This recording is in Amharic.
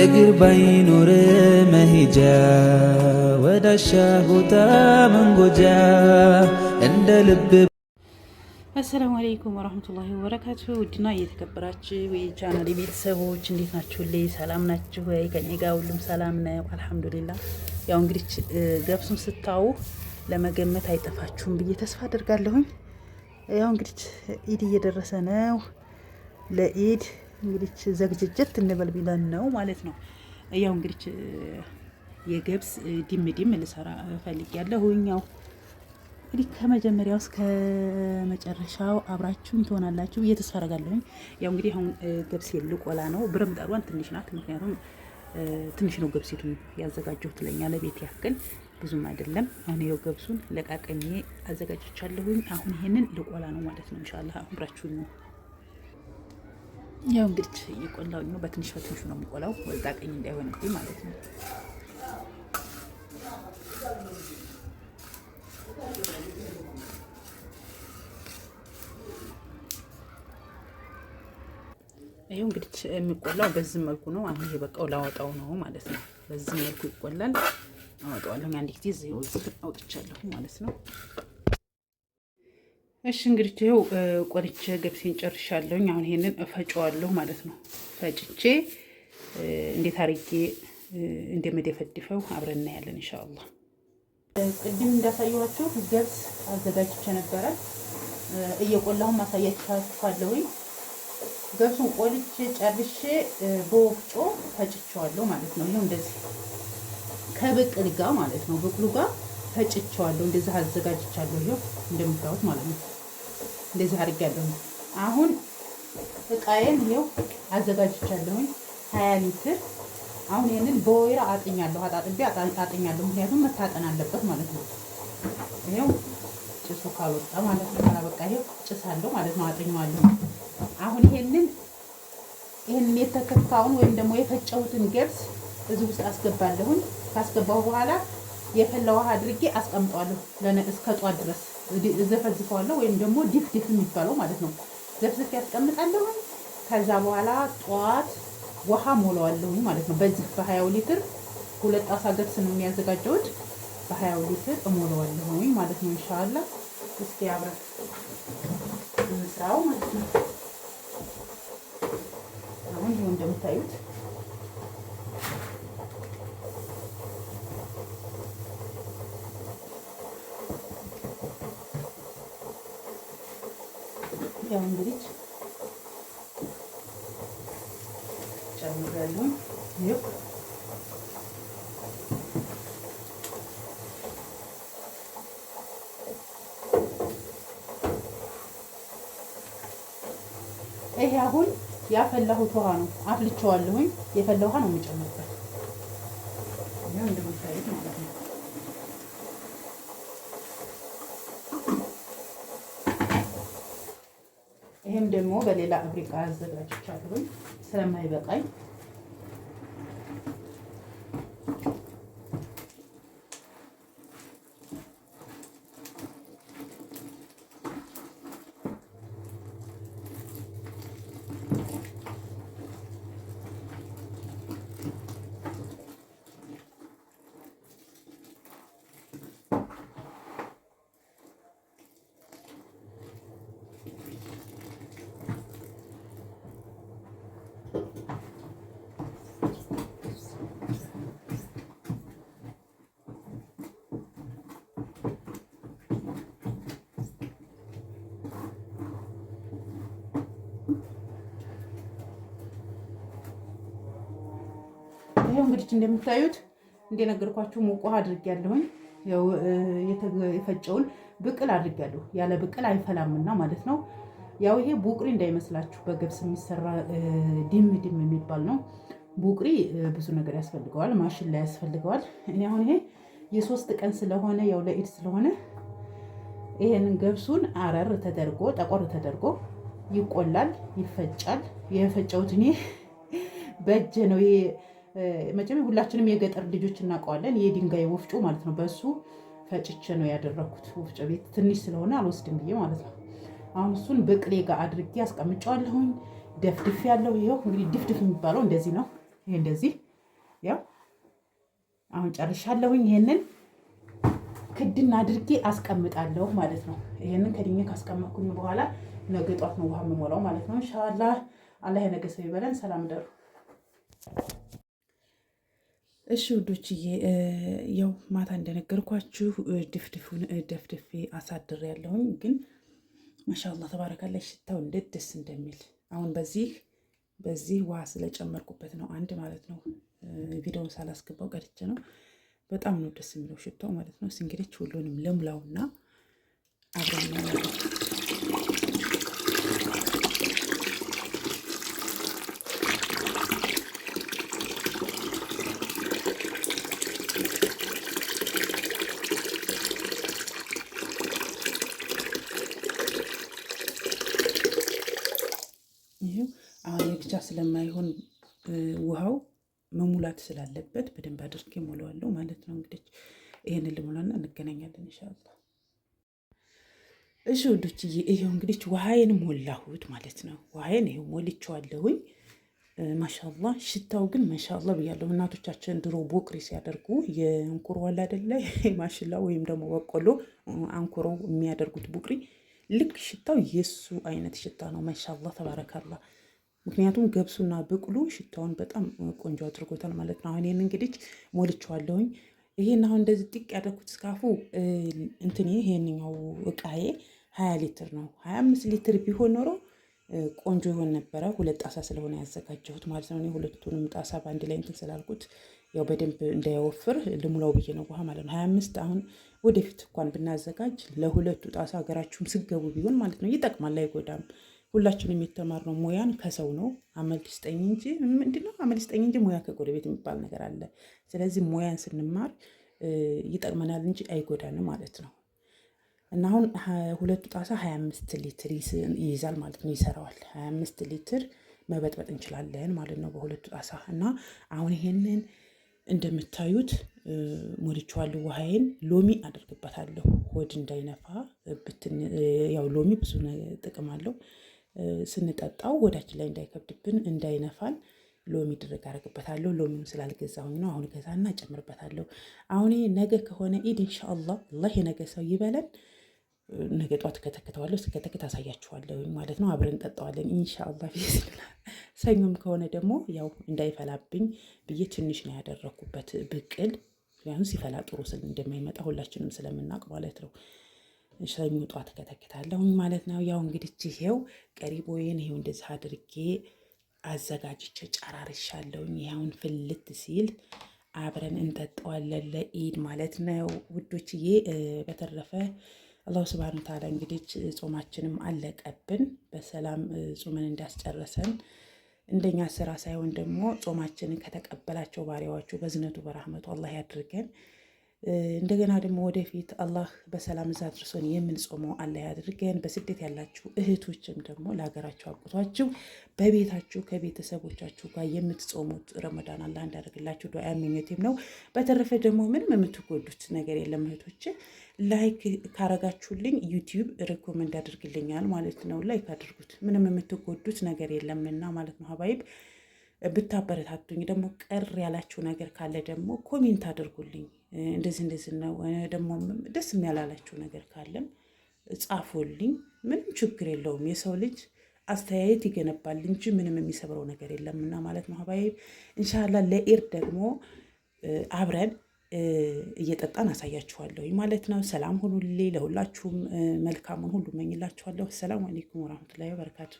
እግር ባይኖር መሄጃ ወዳሻ ቦታ መንጎጃ እንደ ልብ አሰላሙ አለይኩም ወራህመቱላሂ ወበረካቱ። ውድና እየተከበራችሁ የቻናል ቤተሰቦች እንዴት ናችሁልኝ? ሰላም ናችሁ ወይ? ከኔ ጋር ሁሉም ሰላም ነው አልሐምዱሊላህ። ያው እንግዲህ ገብሱን ስታዩ ለመገመት አይጠፋችሁም ብዬ ተስፋ አደርጋለሁኝ። ያው እንግዲህ ኢድ እየደረሰ ነው። ለኢድ እንግዲህ ዘግጅጀት እንበል ብለን ነው ማለት ነው። ያው እንግዲህ የገብስ ዲም ዲም ልሰራ እፈልጋለሁ። ያው እንግዲህ ከመጀመሪያው እስከ መጨረሻው አብራችሁን ትሆናላችሁ እየተሳረጋለሁኝ። ያው እንግዲህ አሁን ገብስ ልቆላ ነው። ብረምጣዷን ትንሽ ናት፣ ምክንያቱም ትንሽ ነው ገብሲቱ ያዘጋጀሁት ለኛ ለቤት ያክል ብዙም አይደለም። አሁን ይኸው ገብሱን ለቃቀሜ አዘጋጅቻለሁኝ። አሁን ይሄንን ልቆላ ነው ማለት ነው። ኢንሻአላህ አብራችሁኝ ነው ያው እንግዲህ እየቆላሁኝ ነው። በትንሽ በትንሹ ነው የሚቆላው፣ ወልጣ ቀኝ እንዳይሆንብኝ ማለት ነው። ይኸው እንግዲህ የሚቆላው በዚህ መልኩ ነው። አሁን ይሄ በቃው ላወጣው ነው ማለት ነው። በዚህ መልኩ ይቆላል። አወጣዋለሁ። አንድ ጊዜ እዚህ አውጥቻለሁ ማለት ነው። እሺ እንግዲህ ይኸው ቆልቼ ገብሴን ጨርሻለሁኝ። አሁን ይሄንን እፈጨዋለሁ ማለት ነው። ፈጭቼ እንዴት አርጌ መደፈድፈው አብረን እናያለን ኢንሻአላህ። ቅድም እንዳሳየኋችሁ ገብስ አዘጋጅቼ ነበረ እየቆላሁም አሳያችኋለሁኝ። ገብሱን ቆልቼ ጨርሼ በወፍጮ ፈጭቼዋለሁ ማለት ነው። ይኸው እንደዚህ ከብቅል ጋር ማለት ነው። ብቅሉ ጋር ፈጭቼዋለሁ። እንደዚህ አዘጋጅቻለሁ። ይኸው እንደምታዩት ማለት ነው። እንደዚህ አድርጊያለሁ። አሁን እቃዬን ይኸው አዘጋጅቻለሁኝ ሀያ ሊትር አሁን ይህንን በወይራ አጥኛለሁ፣ አጣጥቤ አጥኛለሁ። ምክንያቱም መታጠን አለበት ማለት ነው። ይኸው ጭሱ ካልወጣ ማለት ነው። ካላበቃ ይኸው ጭስ አለው ማለት ነው። አጥኘዋለሁ። አሁን ይሄንን ይሄንን የተከካውን ወይም ደግሞ የፈጨሁትን ገብስ እዚህ ውስጥ አስገባለሁኝ። ካስገባሁ በኋላ የፈላ ውሃ አድርጌ አስቀምጠዋለሁ እስከ ጧት ድረስ ዘፈዝፈዋለሁ ወይም ደግሞ ዲፍ ዲፍ የሚባለው ማለት ነው። ዘፍዝፍ ያስቀምጣለሁ። ከዛ በኋላ ጠዋት ውሃ ሞላዋለሁ ማለት ነው። በዚህ በሀያው ሊትር ሁለት ጣሳ ገብስ ነው የሚያዘጋጀውት በሀያው ሊትር እሞላዋለሁ ማለት ነው። እንሻላ እስኪ አብረን እንስራው ማለት ነው። አሁን ይኸው እንደምታዩት ያው እንግዲህ ጨምራለሁ። ይሄ አሁን ያፈላሁት ውሃ ነው። አፍልቼዋለሁኝ። የፈላ ውሃ ነው የምጨምርበት። ደግሞ በሌላ እብሪቃ አዘጋጅቻለሁኝ ስለማይበቃኝ አድርጌዋለሁ። እንግዲህ እንደምታዩት እንደነገርኳችሁ ሙቅ ውሃ አድርጌያለሁኝ። የፈጨውን ብቅል አድርጌያለሁ። ያለ ብቅል አይፈላምና ማለት ነው። ያው ይሄ ቡቅሪ እንዳይመስላችሁ በገብስ የሚሰራ ድም ድም የሚባል ነው። ቡቅሪ ብዙ ነገር ያስፈልገዋል፣ ማሽን ላይ ያስፈልገዋል። እኔ አሁን ይሄ የሶስት ቀን ስለሆነ ያው ለኢድ ስለሆነ ይሄንን ገብሱን አረር ተደርጎ ጠቆር ተደርጎ ይቆላል፣ ይፈጫል። የፈጨውት እኔ በእጄ ነው ይሄ መቼም ሁላችንም የገጠር ልጆች እናውቀዋለን። የድንጋይ ወፍጮ ማለት ነው። በእሱ ፈጭቼ ነው ያደረኩት። ወፍጮ ቤት ትንሽ ስለሆነ አልወስድም ብዬ ማለት ነው። አሁን እሱን በቅሌ ጋር አድርጌ አስቀምጨዋለሁኝ። ደፍድፍ ያለው ይኸው እንግዲህ ድፍድፍ የሚባለው እንደዚህ ነው። ይሄ እንደዚህ ያው አሁን ጨርሻለሁኝ። ይሄንን ክድን አድርጌ አስቀምጣለሁ ማለት ነው። ይሄንን ከድኜ ካስቀመጥኩኝ በኋላ ነገ ጧት ነው ውሃ የምሞላው ማለት ነው። ኢንሻላህ አላህ የነገ ሰው ይበለን። ሰላም ደሩ እሺ ውዶችዬ ያው ማታ እንደነገርኳችሁ ድፍድፉን ደፍድፌ አሳድር ያለሁኝ ግን ማሻላ ተባረካላይ ሽታው እንዴት ደስ እንደሚል አሁን በዚህ በዚህ ውሃ ስለጨመርኩበት ነው። አንድ ማለት ነው ቪዲዮውን ሳላስገባው ቀርቼ ነው። በጣም ነው ደስ የሚለው ሽታው ማለት ነው። እስኪ እንግዲህ ሁሉንም ለሙላውና አብረን ስላለበት በደንብ አድርጌ ሞላዋለሁ ማለት ነው። እንግዲህ ይህንን ልሞላና እንገናኛለን እንሻላ። እሺ ውዶችዬ፣ ይሄው እንግዲህ ውሃዬን ሞላሁት ማለት ነው። ውሃዬን ይሄው ሞልቼዋለሁኝ። ማሻላ ሽታው ግን ማሻላ ብያለሁ። እናቶቻችን ድሮ ቦቅሪ ሲያደርጉ የእንኩሮ ዋላ አይደለ ማሽላ ወይም ደግሞ በቆሎ አንኩሮ የሚያደርጉት ቦቅሪ ልክ ሽታው የሱ አይነት ሽታ ነው። ማሻላ ተባረካላ ምክንያቱም ገብሱና ብቅሉ ሽታውን በጣም ቆንጆ አድርጎታል ማለት ነው። አሁን ይህን እንግዲህ ሞልቼዋለሁኝ። ይሄን አሁን እንደዚህ ጥቅ ያደረኩት እስካፉ እንትን ይሄንኛው እቃዬ ሀያ ሊትር ነው። ሀያ አምስት ሊትር ቢሆን ኖሮ ቆንጆ ይሆን ነበረ። ሁለት ጣሳ ስለሆነ ያዘጋጀሁት ማለት ነው። ሁለቱንም ጣሳ በአንድ ላይ እንትን ስላልኩት ያው በደንብ እንዳይወፍር ልሙላው ብዬ ነው ውሃ ማለት ነው። ሀያ አምስት አሁን ወደፊት እንኳን ብናዘጋጅ ለሁለቱ ጣሳ ሀገራችሁም ስገቡ ቢሆን ማለት ነው ይጠቅማል፣ አይጎዳም። ሁላችን የሚተማርነው ሙያን ከሰው ነው። አመል ስጠኝ እንጂ ምንድን አመል ስጠኝ እንጂ ሙያ ከጎረቤት የሚባል ነገር አለ። ስለዚህ ሙያን ስንማር ይጠቅመናል እንጂ አይጎዳንም ማለት ነው። እና አሁን ሁለቱ ጣሳ ሀያ አምስት ሊትር ይይዛል ማለት ነው፣ ይሰራዋል። ሀያ አምስት ሊትር መበጥበጥ እንችላለን ማለት ነው በሁለቱ ጣሳ። እና አሁን ይሄንን እንደምታዩት ሞልቼዋለሁ። ውሃዬን ሎሚ አደርግበታለሁ ሆድ እንዳይነፋ ያው ሎሚ ብዙ ጥቅም አለው። ስንጠጣው ወዳችን ላይ እንዳይከብድብን እንዳይነፋን ሎሚ ድርግ አደርግበታለሁ። ሎሚም ስላልገዛሁኝ ነው። አሁን ገዛና እጨምርበታለሁ። አሁን ነገ ከሆነ ኢድ ኢንሻአላህ አላህ የነገ ሰው ይበለን። ነገ ትከተክተዋለሁ ከተክተዋለሁ። ስከተክት አሳያችኋለሁ ማለት ነው። አብረን እንጠጣዋለን ኢንሻአላ ፊስላ። ሰኞም ከሆነ ደግሞ ያው እንዳይፈላብኝ ብዬ ትንሽ ነው ያደረኩበት ብቅል። ምክንያቱም ሲፈላ ጥሩ ስል እንደማይመጣ ሁላችንም ስለምናውቅ ማለት ነው። ሰኞ ጧት እከተክታለሁኝ ማለት ነው። ያው እንግዲህ ይሄው ቀሪቦዬን ይሄው እንደዚህ አድርጌ አዘጋጅቼ ጨራርሻለሁኝ። ይሄውን ፍልት ሲል አብረን እንጠጠዋለን ለኢድ ማለት ነው ውዶችዬ። በተረፈ አላሁ ስብሃነ ወተዓላ እንግዲህ ጾማችንም አለቀብን በሰላም ጾመን እንዳስጨረሰን እንደኛ ስራ ሳይሆን ደግሞ ጾማችንን ከተቀበላቸው ባሪያዎቹ በዝነቱ በረህመቱ አላህ ያድርገን። እንደገና ደግሞ ወደፊት አላህ በሰላም እዛ አድርሶን የምንጾመው አላህ ያድርገን። በስደት ያላችሁ እህቶችም ደግሞ ለሀገራችሁ አብቅቷችሁ በቤታችሁ ከቤተሰቦቻችሁ ጋር የምትጾሙት ረመዳን አላህ እንዳደርግላችሁ ዱዓ ምኞቴም ነው። በተረፈ ደግሞ ምንም የምትጎዱት ነገር የለም እህቶች። ላይክ ካረጋችሁልኝ ዩቲዩብ ሪኮመንድ ያደርግልኛል ማለት ነው። ላይክ አድርጉት። ምንም የምትጎዱት ነገር የለምና ማለት ነው ሀባይብ ብታበረታቱኝ ደግሞ ቀር ያላችሁ ነገር ካለ ደግሞ ኮሜንት አድርጉልኝ። እንደዚህ እንደዚህ ነው ደግሞ ደስ የሚያላላቸው ነገር ካለም ጻፉልኝ። ምንም ችግር የለውም። የሰው ልጅ አስተያየት ይገነባል እንጂ ምንም የሚሰብረው ነገር የለም እና ማለት ነው። ሀባይ እንሻላ ለኢድ ደግሞ አብረን እየጠጣን አሳያችኋለሁ ማለት ነው። ሰላም ሁኑልኝ። ለሁላችሁም መልካሙን ሁሉ መኝላችኋለሁ። ሰላም አሌይኩም ወራህመቱላሂ ወበረካቱ።